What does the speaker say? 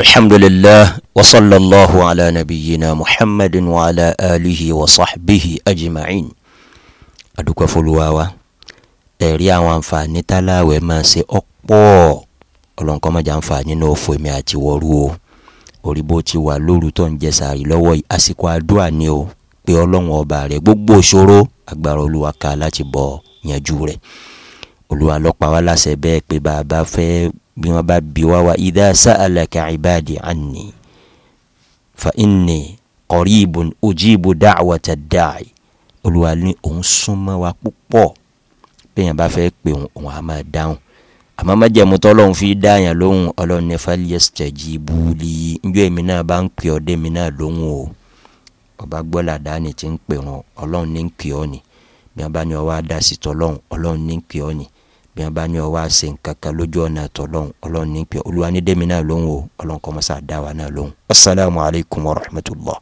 الحمد لله وصلى الله على نبينا محمد وعلى آله وصحبه أجمعين adúpẹ́ fọlùwà wa ẹ̀rí تلا àǹfààní táláwẹ̀ máa ṣe ọ̀pọ̀ ọlọ́nkọ́ mọ̀jà àǹfààní náà fò mí àti wọ́rú o orí bó ti wà lóru tó ń jẹ sàárì lọ́wọ́ àsìkò àdúrà ni o pé ọlọ́run ọba rẹ̀ gbogbo ìṣòro agbára olúwa ká láti bọ̀ yanjú rẹ̀ olúwa lọ́pàá wa láṣẹ bẹ́ẹ̀ pé bá a bí wọ́n bá bi wá wá idha sa'alaka ibadi anni fa inni qaribun ujibu da'wata da'i olùwà ní òun súnmọ́ wa púpọ̀ bẹ́ẹ̀ bá fẹ́ pé òun á máa dáhùn àmọ́ májẹ̀mú tọ́lọ́hún fi dáyàn lóhùn ọlọ́run ní falyastajibu li njọ́ èmi náà bá ń pè ọ́ dé mi náà lóhùn o ọba gbọ́là dání ti ń pè wọn ọlọ́run ní ń pè ọ́ ni bí wọ́n bá ní ọwọ́ adásí tọ́lọ́hún ọlọ́run ní ń pè ọ́ ni bí wọ́n bá ní ọwọ́ àṣẹ nǹkan kan lójú ọ̀nà tó lọ́hùn ọlọ́run ní pé olúwa ní dẹ́mi náà lóhùn o ọlọ́run kọ́ mọ́sá dá náà lóhùn. asalaamualeykum wa rahmatulah.